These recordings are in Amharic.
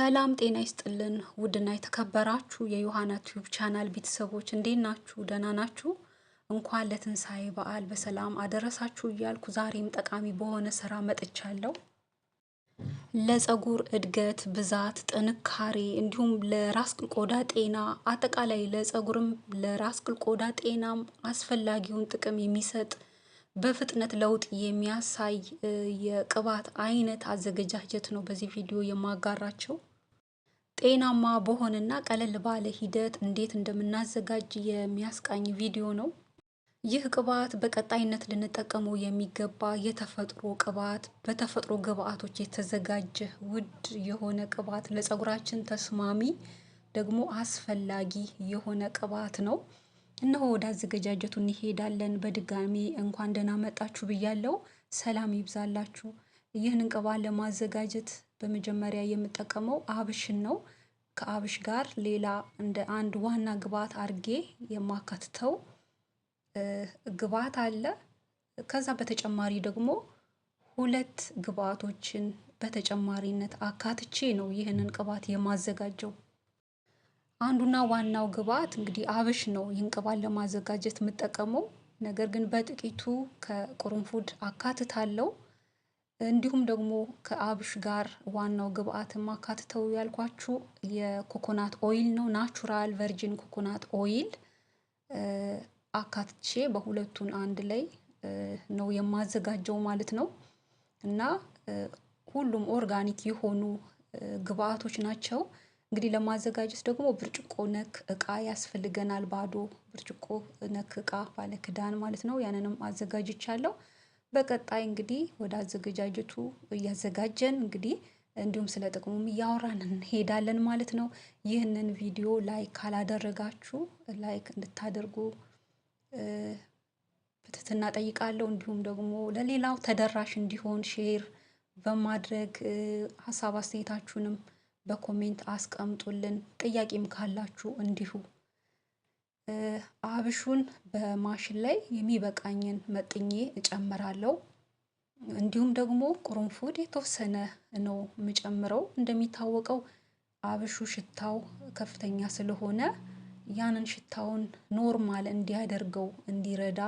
ሰላም ጤና ይስጥልን ውድና የተከበራችሁ የዮሐና ቲዩብ ቻናል ቤተሰቦች እንዴት ናችሁ? ደህና ናችሁ? እንኳን ለትንሣኤ በዓል በሰላም አደረሳችሁ እያልኩ ዛሬም ጠቃሚ በሆነ ስራ መጥቻለሁ። ለፀጉር እድገት፣ ብዛት፣ ጥንካሬ እንዲሁም ለራስ ቅል ቆዳ ጤና አጠቃላይ ለፀጉርም ለራስ ቅል ቆዳ ጤናም አስፈላጊውን ጥቅም የሚሰጥ በፍጥነት ለውጥ የሚያሳይ የቅባት አይነት አዘገጃጀት ነው በዚህ ቪዲዮ የማጋራቸው። ጤናማ በሆነና ቀለል ባለ ሂደት እንዴት እንደምናዘጋጅ የሚያስቃኝ ቪዲዮ ነው። ይህ ቅባት በቀጣይነት ልንጠቀመው የሚገባ የተፈጥሮ ቅባት በተፈጥሮ ግብአቶች የተዘጋጀ ውድ የሆነ ቅባት ለጸጉራችን ተስማሚ ደግሞ አስፈላጊ የሆነ ቅባት ነው። እነሆ ወደ አዘገጃጀቱ እንሄዳለን። በድጋሚ እንኳን ደህና መጣችሁ ብያለሁ። ሰላም ይብዛላችሁ። ይህንን ቅባት ለማዘጋጀት በመጀመሪያ የምጠቀመው አብሽን ነው። ከአብሽ ጋር ሌላ እንደ አንድ ዋና ግብዓት አድርጌ የማካትተው ግብዓት አለ። ከዛ በተጨማሪ ደግሞ ሁለት ግብዓቶችን በተጨማሪነት አካትቼ ነው ይህንን ቅባት የማዘጋጀው። አንዱና ዋናው ግብዓት እንግዲህ አብሽ ነው። ይህን ቅባት ለማዘጋጀት የምጠቀመው ነገር ግን በጥቂቱ ከቅርንፉድ አካትታለሁ እንዲሁም ደግሞ ከአብሽ ጋር ዋናው ግብአትም አካትተው ያልኳችሁ የኮኮናት ኦይል ነው። ናቹራል ቨርጂን ኮኮናት ኦይል አካትቼ በሁለቱን አንድ ላይ ነው የማዘጋጀው ማለት ነው እና ሁሉም ኦርጋኒክ የሆኑ ግብአቶች ናቸው። እንግዲህ ለማዘጋጀት ደግሞ ብርጭቆ ነክ እቃ ያስፈልገናል። ባዶ ብርጭቆ ነክ እቃ ባለክዳን ማለት ነው። ያንንም አዘጋጅቻለሁ። በቀጣይ እንግዲህ ወደ አዘገጃጀቱ እያዘጋጀን እንግዲህ እንዲሁም ስለ ጥቅሙም እያወራን እንሄዳለን ማለት ነው። ይህንን ቪዲዮ ላይክ ካላደረጋችሁ ላይክ እንድታደርጉ በትህትና ጠይቃለሁ። እንዲሁም ደግሞ ለሌላው ተደራሽ እንዲሆን ሼር በማድረግ ሀሳብ አስተያየታችሁንም በኮሜንት አስቀምጡልን። ጥያቄም ካላችሁ እንዲሁ አብሹን በማሽን ላይ የሚበቃኝን መጥኜ እጨምራለሁ። እንዲሁም ደግሞ ቁርንፉድ የተወሰነ ነው የምጨምረው እንደሚታወቀው አብሹ ሽታው ከፍተኛ ስለሆነ ያንን ሽታውን ኖርማል እንዲያደርገው እንዲረዳ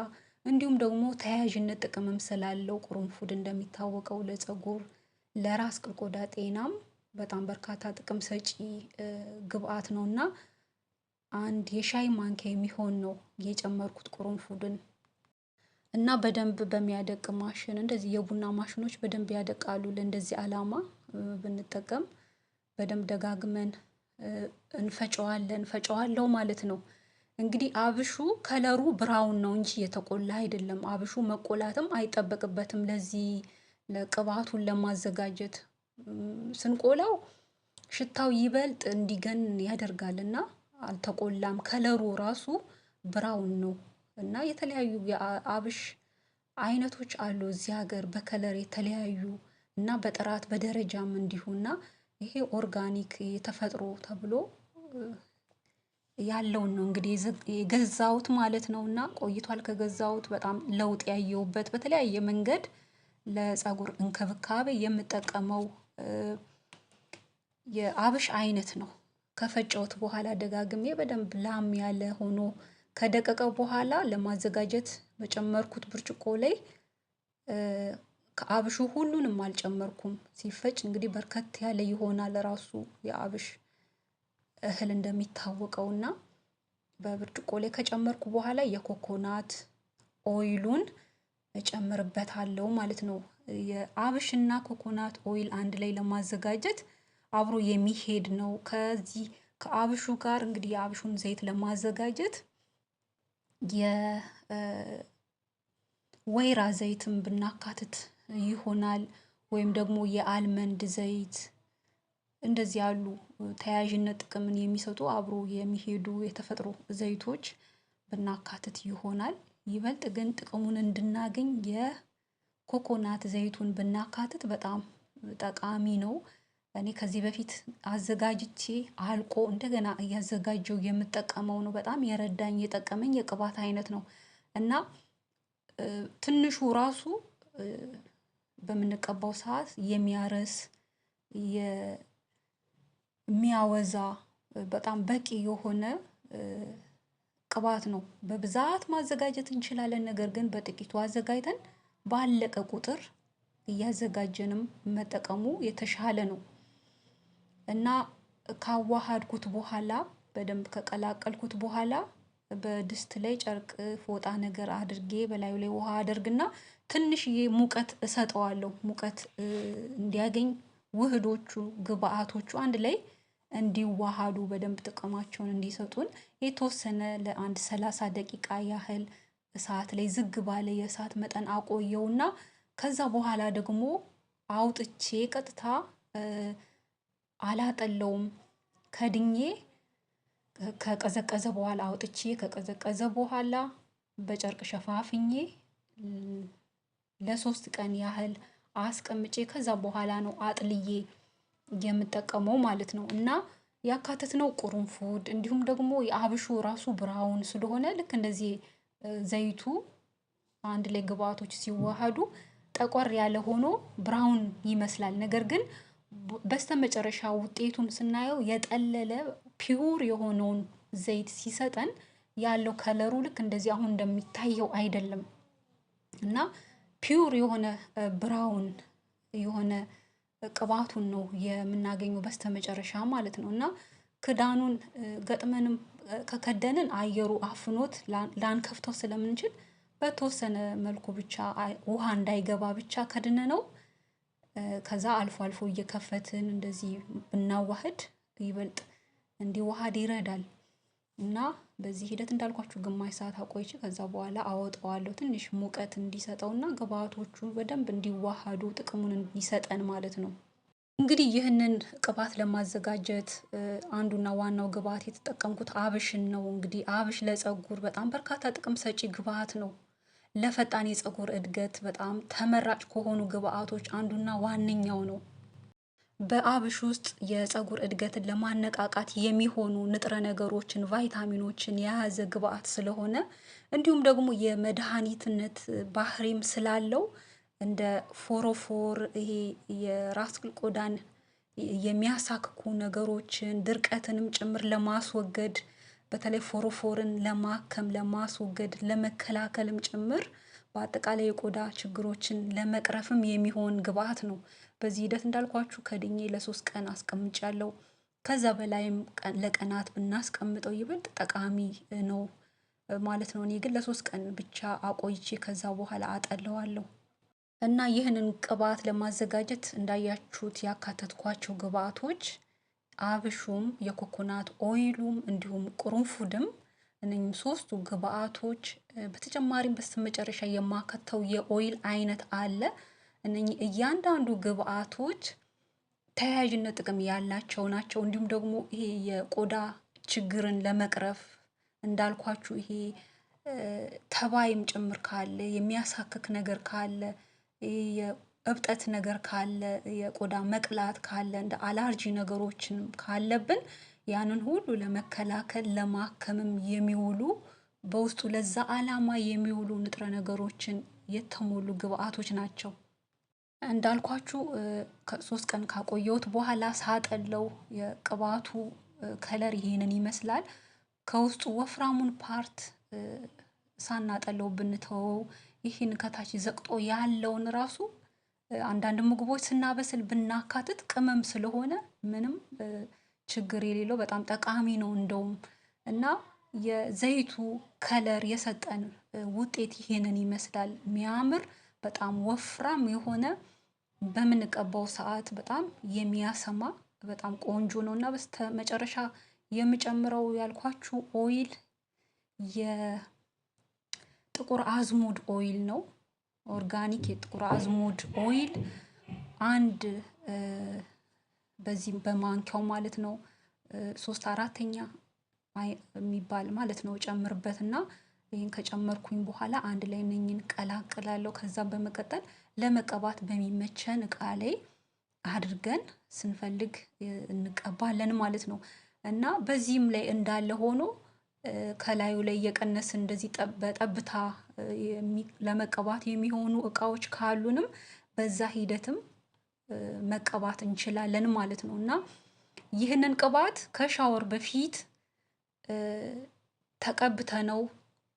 እንዲሁም ደግሞ ተያያዥነት ጥቅምም ስላለው ቁርንፉድ እንደሚታወቀው ለፀጉር ለራስ ቅልቆዳ ጤናም በጣም በርካታ ጥቅም ሰጪ ግብአት ነውና አንድ የሻይ ማንኪያ የሚሆን ነው የጨመርኩት ቁርንፉድን እና በደንብ በሚያደቅ ማሽን እንደዚህ የቡና ማሽኖች በደንብ ያደቃሉ። ለእንደዚህ አላማ ብንጠቀም በደንብ ደጋግመን እንፈጨዋለን ፈጨዋለው ማለት ነው። እንግዲህ አብሹ ከለሩ ብራውን ነው እንጂ የተቆላ አይደለም። አብሹ መቆላትም አይጠበቅበትም። ለዚህ ቅባቱን ለማዘጋጀት ስንቆላው ሽታው ይበልጥ እንዲገን እና አልተቆላም ከለሩ ራሱ ብራውን ነው እና የተለያዩ የአብሽ አይነቶች አሉ እዚህ ሀገር በከለር የተለያዩ እና በጥራት በደረጃም እንዲሁና ይሄ ኦርጋኒክ የተፈጥሮ ተብሎ ያለውን ነው እንግዲህ የገዛውት ማለት ነው እና ቆይቷል ከገዛውት በጣም ለውጥ ያየውበት በተለያየ መንገድ ለፀጉር እንክብካቤ የምጠቀመው የአብሽ አይነት ነው። ከፈጨሁት በኋላ ደጋግሜ በደንብ ላም ያለ ሆኖ ከደቀቀ በኋላ ለማዘጋጀት በጨመርኩት ብርጭቆ ላይ ከአብሹ ሁሉንም አልጨመርኩም። ሲፈጭ እንግዲህ በርከት ያለ ይሆናል ራሱ የአብሽ እህል እንደሚታወቀውና በብርጭቆ ላይ ከጨመርኩ በኋላ የኮኮናት ኦይሉን እጨምርበታለሁ ማለት ነው። የአብሽና ኮኮናት ኦይል አንድ ላይ ለማዘጋጀት አብሮ የሚሄድ ነው። ከዚህ ከአብሹ ጋር እንግዲህ የአብሹን ዘይት ለማዘጋጀት የወይራ ዘይትን ብናካትት ይሆናል። ወይም ደግሞ የአልመንድ ዘይት እንደዚህ ያሉ ተያያዥነት ጥቅምን የሚሰጡ አብሮ የሚሄዱ የተፈጥሮ ዘይቶች ብናካትት ይሆናል። ይበልጥ ግን ጥቅሙን እንድናገኝ የኮኮናት ዘይቱን ብናካትት በጣም ጠቃሚ ነው። እኔ ከዚህ በፊት አዘጋጅቼ አልቆ እንደገና እያዘጋጀው የምጠቀመው ነው። በጣም የረዳኝ የጠቀመኝ የቅባት አይነት ነው። እና ትንሹ ራሱ በምንቀባው ሰዓት የሚያረስ የሚያወዛ በጣም በቂ የሆነ ቅባት ነው። በብዛት ማዘጋጀት እንችላለን። ነገር ግን በጥቂቱ አዘጋጅተን ባለቀ ቁጥር እያዘጋጀንም መጠቀሙ የተሻለ ነው እና ካዋሃድኩት በኋላ በደንብ ከቀላቀልኩት በኋላ በድስት ላይ ጨርቅ ፎጣ ነገር አድርጌ በላዩ ላይ ውሃ አደርግና ትንሽዬ ሙቀት እሰጠዋለሁ ሙቀት እንዲያገኝ ውህዶቹ ግብአቶቹ አንድ ላይ እንዲዋሃዱ በደንብ ጥቅማቸውን እንዲሰጡን የተወሰነ ለአንድ ሰላሳ ደቂቃ ያህል እሳት ላይ ዝግ ባለ የእሳት መጠን አቆየውና ከዛ በኋላ ደግሞ አውጥቼ ቀጥታ አላጠለውም። ከድኜ ከቀዘቀዘ በኋላ አውጥቼ ከቀዘቀዘ በኋላ በጨርቅ ሸፋፍኜ ለሶስት ቀን ያህል አስቀምጬ ከዛ በኋላ ነው አጥልዬ የምጠቀመው ማለት ነው። እና ያካተትነው ቁሩምፉድ እንዲሁም ደግሞ የአብሹ ራሱ ብራውን ስለሆነ ልክ እንደዚህ ዘይቱ አንድ ላይ ግብአቶች ሲዋሃዱ ጠቆር ያለ ሆኖ ብራውን ይመስላል ነገር ግን በስተመጨረሻ ውጤቱን ስናየው የጠለለ ፒዩር የሆነውን ዘይት ሲሰጠን ያለው ከለሩ ልክ እንደዚህ አሁን እንደሚታየው አይደለም እና ፒዩር የሆነ ብራውን የሆነ ቅባቱን ነው የምናገኘው በስተመጨረሻ ማለት ነው እና ክዳኑን ገጥመንም ከከደንን አየሩ አፍኖት ላንከፍተው ስለምንችል በተወሰነ መልኩ ብቻ ውሃ እንዳይገባ ብቻ ከድነ ነው ከዛ አልፎ አልፎ እየከፈትን እንደዚህ ብናዋህድ ይበልጥ እንዲዋሃድ ይረዳል። እና በዚህ ሂደት እንዳልኳችሁ ግማሽ ሰዓት አቆይቼ ከዛ በኋላ አወጣዋለሁ ትንሽ ሙቀት እና ግብአቶቹ በደንብ እንዲዋሃዱ ጥቅሙን እንዲሰጠን ማለት ነው። እንግዲህ ይህንን ቅባት ለማዘጋጀት አንዱና ዋናው ግብአት የተጠቀምኩት አብሽን ነው። እንግዲህ አብሽ ለፀጉር በጣም በርካታ ጥቅም ሰጪ ግብአት ነው ለፈጣን የፀጉር እድገት በጣም ተመራጭ ከሆኑ ግብአቶች አንዱና ዋነኛው ነው። በአብሽ ውስጥ የፀጉር እድገትን ለማነቃቃት የሚሆኑ ንጥረ ነገሮችን፣ ቫይታሚኖችን የያዘ ግብአት ስለሆነ እንዲሁም ደግሞ የመድኃኒትነት ባህሪም ስላለው እንደ ፎሮፎር ይሄ የራስ ቆዳን የሚያሳክኩ ነገሮችን ድርቀትንም ጭምር ለማስወገድ በተለይ ፎሮፎርን ለማከም ለማስወገድ ለመከላከልም ጭምር በአጠቃላይ የቆዳ ችግሮችን ለመቅረፍም የሚሆን ግብአት ነው። በዚህ ሂደት እንዳልኳችሁ ከድኜ ለሶስት ቀን አስቀምጫለሁ። ከዛ በላይም ለቀናት ብናስቀምጠው ይበልጥ ጠቃሚ ነው ማለት ነው። እኔ ግን ለሶስት ቀን ብቻ አቆይቼ ከዛ በኋላ አጠለዋለሁ። እና ይህንን ቅባት ለማዘጋጀት እንዳያችሁት ያካተትኳቸው ግብአቶች አብሹም የኮኮናት ኦይሉም እንዲሁም ቅርንፉድም እነኝም ሶስቱ ግብአቶች በተጨማሪም በስተመጨረሻ የማከተው የኦይል አይነት አለ። እነ እያንዳንዱ ግብአቶች ተያያዥነት ጥቅም ያላቸው ናቸው። እንዲሁም ደግሞ ይሄ የቆዳ ችግርን ለመቅረፍ እንዳልኳችሁ ይሄ ተባይም ጭምር ካለ የሚያሳክክ ነገር ካለ እብጠት ነገር ካለ የቆዳ መቅላት ካለ እንደ አላርጂ ነገሮችን ካለብን ያንን ሁሉ ለመከላከል ለማከምም የሚውሉ በውስጡ ለዛ ዓላማ የሚውሉ ንጥረ ነገሮችን የተሞሉ ግብአቶች ናቸው። እንዳልኳችሁ ከሶስት ቀን ካቆየሁት በኋላ ሳጠለው የቅባቱ ከለር ይሄንን ይመስላል። ከውስጡ ወፍራሙን ፓርት ሳናጠለው ብንተወው ይህን ከታች ዘቅጦ ያለውን ራሱ አንዳንድ ምግቦች ስናበስል ብናካትት ቅመም ስለሆነ ምንም ችግር የሌለው በጣም ጠቃሚ ነው እንደውም እና የዘይቱ ከለር የሰጠን ውጤት ይሄንን ይመስላል። የሚያምር በጣም ወፍራም የሆነ በምንቀባው ሰዓት በጣም የሚያሰማ በጣም ቆንጆ ነው እና በስተመጨረሻ የምጨምረው ያልኳችሁ ኦይል የጥቁር አዝሙድ ኦይል ነው። ኦርጋኒክ የጥቁር አዝሙድ ኦይል አንድ በዚህ በማንኪያው ማለት ነው ሶስት አራተኛ የሚባል ማለት ነው ጨምርበት እና ይህን ከጨመርኩኝ በኋላ አንድ ላይ ነኝን ቀላቅላለሁ። ከዛ በመቀጠል ለመቀባት በሚመቸን እቃ ላይ አድርገን ስንፈልግ እንቀባለን ማለት ነው እና በዚህም ላይ እንዳለ ሆኖ ከላዩ ላይ እየቀነስ እንደዚህ በጠብታ ለመቀባት የሚሆኑ እቃዎች ካሉንም በዛ ሂደትም መቀባት እንችላለን ማለት ነው እና ይህንን ቅባት ከሻወር በፊት ተቀብተነው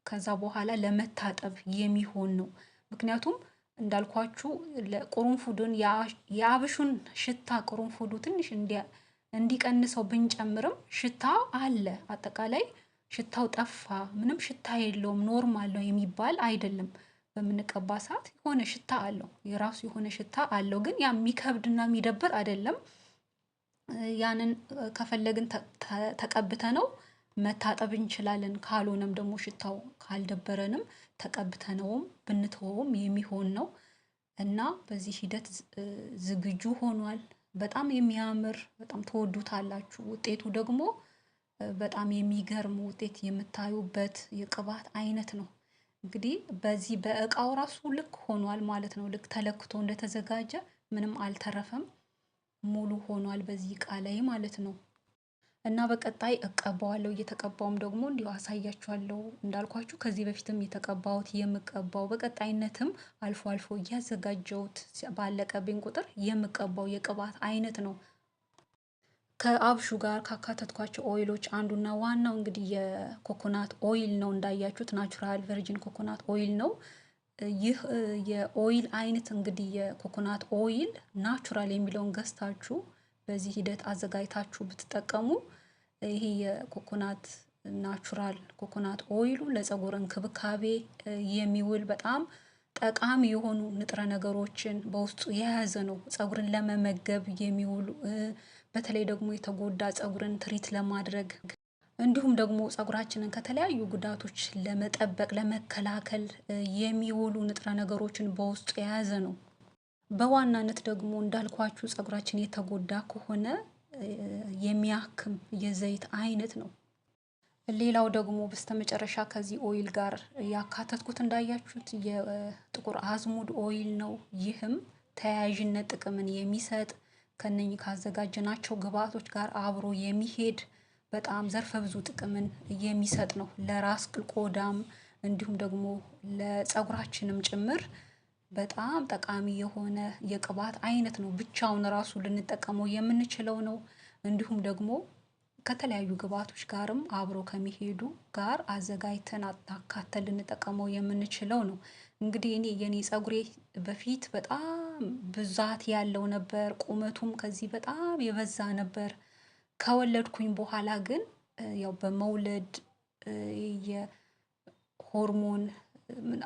ከዛ በኋላ ለመታጠብ የሚሆን ነው። ምክንያቱም እንዳልኳችሁ ለቁሩንፉዱን የአብሹን ሽታ ቁርንፉዱ ትንሽ እንዲቀንሰው ብንጨምርም ሽታ አለ አጠቃላይ ሽታው ጠፋ፣ ምንም ሽታ የለውም፣ ኖርማል ነው የሚባል አይደለም። በምንቀባ ሰዓት የሆነ ሽታ አለው፣ የራሱ የሆነ ሽታ አለው። ግን ያ የሚከብድና የሚደብር አይደለም። ያንን ከፈለግን ተቀብተ ነው መታጠብ እንችላለን። ካልሆነም ደግሞ ሽታው ካልደበረንም ተቀብተነውም ብንተወውም የሚሆን ነው እና በዚህ ሂደት ዝግጁ ሆኗል። በጣም የሚያምር በጣም ተወዱታላችሁ ውጤቱ ደግሞ በጣም የሚገርም ውጤት የምታዩበት የቅባት አይነት ነው። እንግዲህ በዚህ በእቃው ራሱ ልክ ሆኗል ማለት ነው። ልክ ተለክቶ እንደተዘጋጀ ምንም አልተረፈም። ሙሉ ሆኗል በዚህ እቃ ላይ ማለት ነው። እና በቀጣይ እቀባዋለሁ። እየተቀባውም ደግሞ እንዲሁ አሳያችኋለሁ። እንዳልኳችሁ ከዚህ በፊትም የተቀባሁት የምቀባው በቀጣይነትም አልፎ አልፎ እያዘጋጀሁት ባለቀብኝ ቁጥር የምቀባው የቅባት አይነት ነው። ከአብሹ ጋር ካካተትኳቸው ኦይሎች አንዱና ዋናው እንግዲህ የኮኮናት ኦይል ነው። እንዳያችሁት ናቹራል ቨርጂን ኮኮናት ኦይል ነው። ይህ የኦይል አይነት እንግዲህ የኮኮናት ኦይል ናቹራል የሚለውን ገዝታችሁ በዚህ ሂደት አዘጋጅታችሁ ብትጠቀሙ ይሄ የኮኮናት ናቹራል ኮኮናት ኦይሉ ለፀጉር እንክብካቤ የሚውል በጣም ጠቃሚ የሆኑ ንጥረ ነገሮችን በውስጡ የያዘ ነው። ፀጉርን ለመመገብ የሚውሉ በተለይ ደግሞ የተጎዳ ፀጉርን ትሪት ለማድረግ እንዲሁም ደግሞ ፀጉራችንን ከተለያዩ ጉዳቶች ለመጠበቅ ለመከላከል የሚውሉ ንጥረ ነገሮችን በውስጡ የያዘ ነው። በዋናነት ደግሞ እንዳልኳችሁ ጸጉራችን የተጎዳ ከሆነ የሚያክም የዘይት አይነት ነው። ሌላው ደግሞ በስተመጨረሻ ከዚህ ኦይል ጋር ያካተትኩት እንዳያችሁት የጥቁር አዝሙድ ኦይል ነው። ይህም ተያያዥነት ጥቅምን የሚሰጥ ከነኚህ ካዘጋጀናቸው ግብዓቶች ጋር አብሮ የሚሄድ በጣም ዘርፈ ብዙ ጥቅምን የሚሰጥ ነው። ለራስ ቆዳም እንዲሁም ደግሞ ለፀጉራችንም ጭምር በጣም ጠቃሚ የሆነ የቅባት አይነት ነው። ብቻውን ራሱ ልንጠቀመው የምንችለው ነው። እንዲሁም ደግሞ ከተለያዩ ግብዓቶች ጋርም አብሮ ከሚሄዱ ጋር አዘጋጅተን አካተን ልንጠቀመው የምንችለው ነው። እንግዲህ እኔ የኔ ፀጉሬ በፊት በጣም ብዛት ያለው ነበር ቁመቱም ከዚህ በጣም የበዛ ነበር። ከወለድኩኝ በኋላ ግን ያው በመውለድ የሆርሞን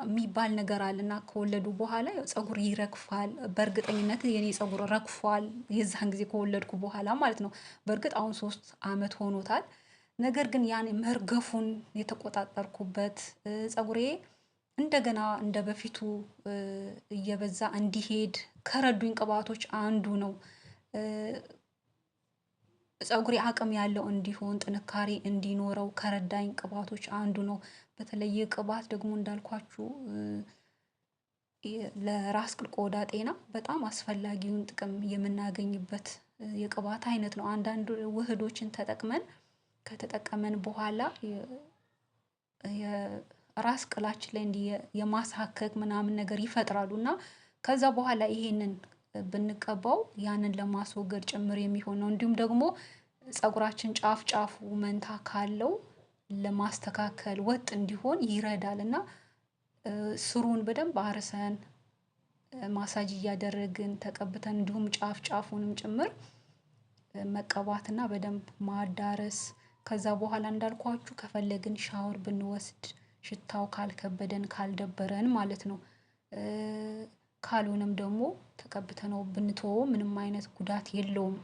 የሚባል ነገር አለና ከወለዱ በኋላ ያው ፀጉር ይረግፋል። በእርግጠኝነት የኔ ፀጉር ረግፏል የዛን ጊዜ ከወለድኩ በኋላ ማለት ነው። በእርግጥ አሁን ሶስት አመት ሆኖታል። ነገር ግን ያኔ መርገፉን የተቆጣጠርኩበት ፀጉሬ እንደገና እንደ በፊቱ እየበዛ እንዲሄድ ከረዱኝ ቅባቶች አንዱ ነው። ፀጉሬ አቅም ያለው እንዲሆን ጥንካሬ እንዲኖረው ከረዳኝ ቅባቶች አንዱ ነው። በተለይ ቅባት ደግሞ እንዳልኳችሁ ለራስ ቅል ቆዳ ጤና በጣም አስፈላጊውን ጥቅም የምናገኝበት የቅባት አይነት ነው። አንዳንድ ውህዶችን ተጠቅመን ከተጠቀመን በኋላ ራስ ቅላችን ላይ እንዲህ የማሳከክ ምናምን ነገር ይፈጥራሉ እና ከዛ በኋላ ይሄንን ብንቀባው ያንን ለማስወገድ ጭምር የሚሆን ነው። እንዲሁም ደግሞ ጸጉራችን ጫፍ ጫፉ መንታ ካለው ለማስተካከል ወጥ እንዲሆን ይረዳል እና ስሩን በደንብ አርሰን ማሳጅ እያደረግን ተቀብተን እንዲሁም ጫፍ ጫፉንም ጭምር መቀባትና በደንብ ማዳረስ ከዛ በኋላ እንዳልኳችሁ ከፈለግን ሻወር ብንወስድ ሽታው ካልከበደን ካልደበረን ማለት ነው። ካልሆነም ደግሞ ተቀብተነው ብንቶ ምንም አይነት ጉዳት የለውም።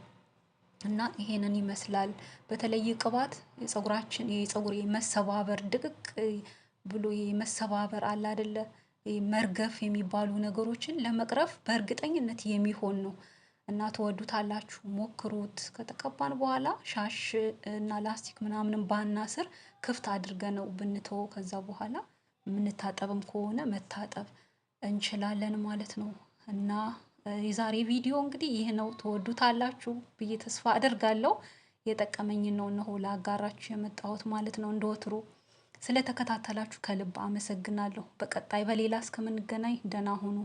እና ይሄንን ይመስላል በተለይ ቅባት የፀጉራችን የጸጉር የመሰባበር ድቅቅ ብሎ የመሰባበር አለ አይደለ መርገፍ የሚባሉ ነገሮችን ለመቅረፍ በእርግጠኝነት የሚሆን ነው። እና ትወዱታላችሁ ሞክሩት ከተቀባን በኋላ ሻሽ እና ላስቲክ ምናምንም ባናስር ክፍት አድርገ ነው ብንተወው ከዛ በኋላ የምንታጠብም ከሆነ መታጠብ እንችላለን ማለት ነው። እና የዛሬ ቪዲዮ እንግዲህ ይህ ነው ትወዱታላችሁ ብዬ ተስፋ አድርጋለሁ የጠቀመኝን ነው እነሆ ለአጋራችሁ የመጣሁት ማለት ነው። እንደ ወትሮ ስለተከታተላችሁ ከልብ አመሰግናለሁ። በቀጣይ በሌላ እስከምንገናኝ ደህና ሁኑ።